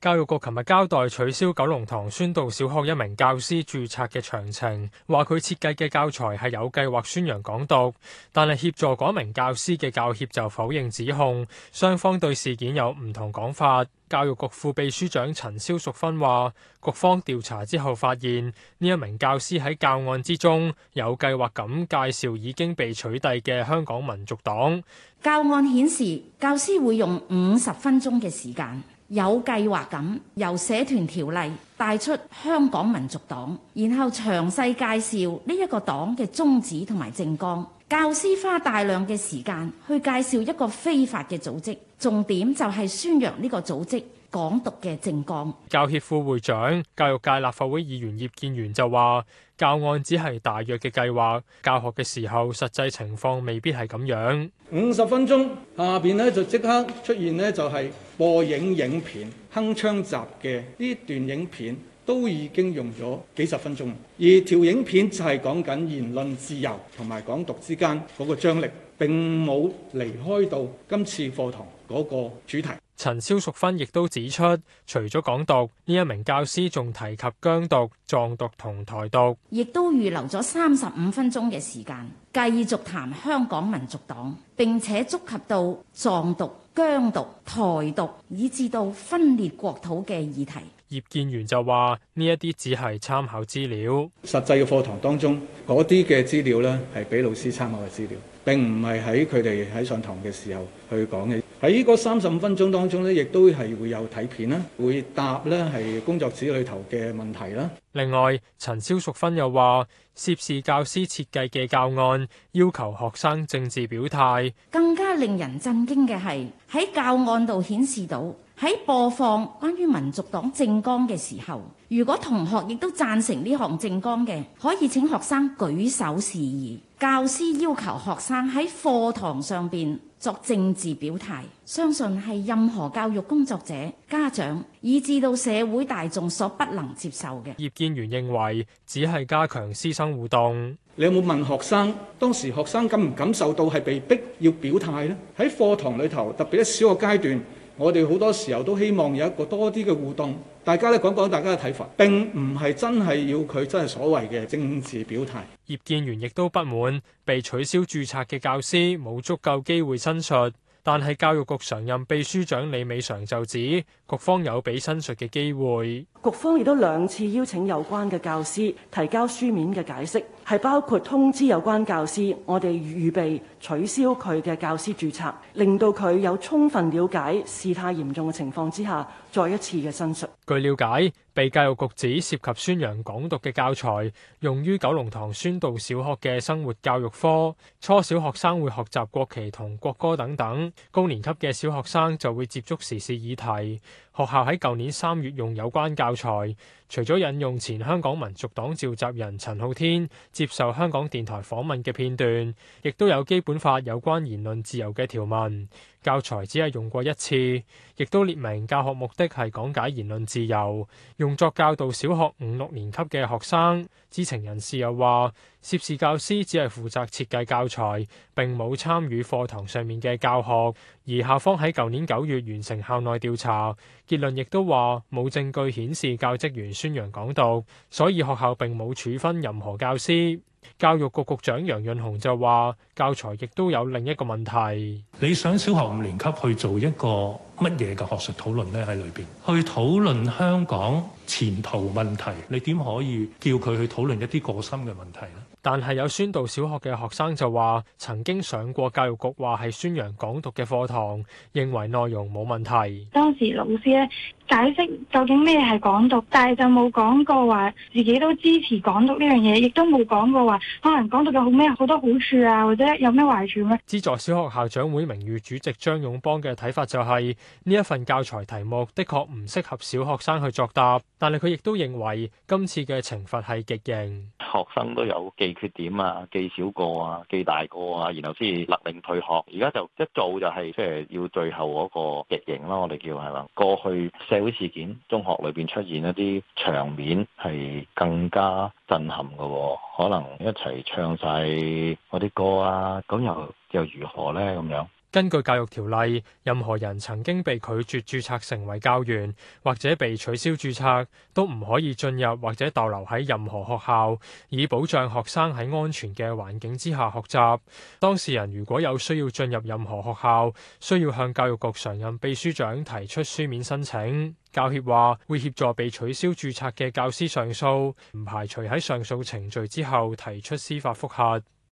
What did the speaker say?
教育局琴日交代取消九龍塘宣道小學一名教師註冊嘅詳情，話佢設計嘅教材係有計劃宣揚港獨，但係協助嗰名教師嘅教協就否認指控，雙方對事件有唔同講法。教育局副秘書長陳蕭淑芬話，局方調查之後發現呢一名教師喺教案之中有計劃咁介紹已經被取締嘅香港民族黨。教案顯示，教師會用五十分鐘嘅時間。有計劃咁由社團條例帶出香港民族黨，然後詳細介紹呢一個黨嘅宗旨同埋政綱。教師花大量嘅時間去介紹一個非法嘅組織，重點就係宣揚呢個組織。港獨嘅政綱，教協副會長、教育界立法會議員葉建源就話：教案只係大約嘅計劃，教學嘅時候實際情況未必係咁樣。五十分鐘下邊呢，就即刻出現呢，就係播影影片、鏗鏘集嘅呢段影片都已經用咗幾十分鐘，而條影片就係講緊言論自由同埋港獨之間嗰個張力，並冇離開到今次課堂嗰個主題。陳蕭淑芬亦都指出，除咗港獨，呢一名教師仲提及疆獨、藏獨同台獨，亦都預留咗三十五分鐘嘅時間，繼續談香港民族黨，並且觸及到藏獨、疆獨、台獨，以至到分裂國土嘅議題。葉建源就話：呢一啲只係參考資料，實際嘅課堂當中，嗰啲嘅資料呢，係俾老師參考嘅資料。並唔係喺佢哋喺上堂嘅時候去講嘅。喺嗰三十五分鐘當中呢，亦都係會有睇片啦，會答呢係工作紙裏頭嘅問題啦。另外，陳蕭淑芬又話，涉事教師設計嘅教案要求學生政治表態。更加令人震驚嘅係，喺教案度顯示到，喺播放關於民族黨政綱嘅時候，如果同學亦都贊成呢項政綱嘅，可以請學生舉手示意。教師要求學生喺課堂上邊作政治表態，相信係任何教育工作者、家長，以至到社會大眾所不能接受嘅。葉建源認為，只係加強師生互動。你有冇問學生當時學生感唔感受到係被逼要表態呢？喺課堂裏頭，特別喺小學階段。我哋好多時候都希望有一個多啲嘅互動，大家咧講講大家嘅睇法，並唔係真係要佢真係所謂嘅政治表態。葉建源亦都不滿被取消註冊嘅教師冇足夠機會申述。但係教育局常任秘書長李美嫦就指，局方有俾申述嘅機會。局方亦都兩次邀請有關嘅教師提交書面嘅解釋，係包括通知有關教師，我哋預備取消佢嘅教師註冊，令到佢有充分了解事態嚴重嘅情況之下，再一次嘅申述。據了解。被教育局指涉及宣揚港獨嘅教材，用於九龍塘宣道小學嘅生活教育科。初小學生會學習國旗同國歌等等，高年級嘅小學生就會接觸時事議題。學校喺舊年三月用有關教材。除咗引用前香港民族黨召集人陳浩天接受香港電台訪問嘅片段，亦都有基本法有關言論自由嘅條文。教材只係用過一次，亦都列明教學目的係講解言論自由，用作教導小學五六年級嘅學生。知情人士又話，涉事教師只係負責設計教材，並冇參與課堂上面嘅教學。而校方喺舊年九月完成校內調查，結論亦都話冇證據顯示教職員宣揚港獨，所以學校並冇處分任何教師。教育局局長楊潤雄就話：教材亦都有另一個問題。你想小學五年級去做一個乜嘢嘅學術討論呢？喺裏邊去討論香港前途問題，你點可以叫佢去討論一啲過深嘅問題呢？但係有宣道小學嘅學生就話，曾經上過教育局話係宣揚港獨嘅課堂，認為內容冇問題。當時老師咧解釋究竟咩係港獨，但係就冇講過話自己都支持港獨呢樣嘢，亦都冇講過話可能港獨有好咩好多好處啊，或者有咩壞處咩？資助小學校長會名譽主席張勇邦嘅睇法就係呢一份教材題目的確唔適合小學生去作答，但係佢亦都認為今次嘅懲罰係極刑。學生都有記缺點啊，記少個啊，記大個啊，然後先至勒令退學。而家就一做就係即係要最後嗰個極刑啦，我哋叫係嘛？過去社會事件中學裏邊出現一啲場面係更加震撼㗎喎，可能一齊唱晒嗰啲歌啊，咁又又如何咧？咁樣？根據教育條例，任何人曾經被拒絕註冊成為教員，或者被取消註冊，都唔可以進入或者逗留喺任何學校，以保障學生喺安全嘅環境之下學習。當事人如果有需要進入任何學校，需要向教育局常任秘書長提出書面申請。教協話會協助被取消註冊嘅教師上訴，唔排除喺上訴程序之後提出司法覆核。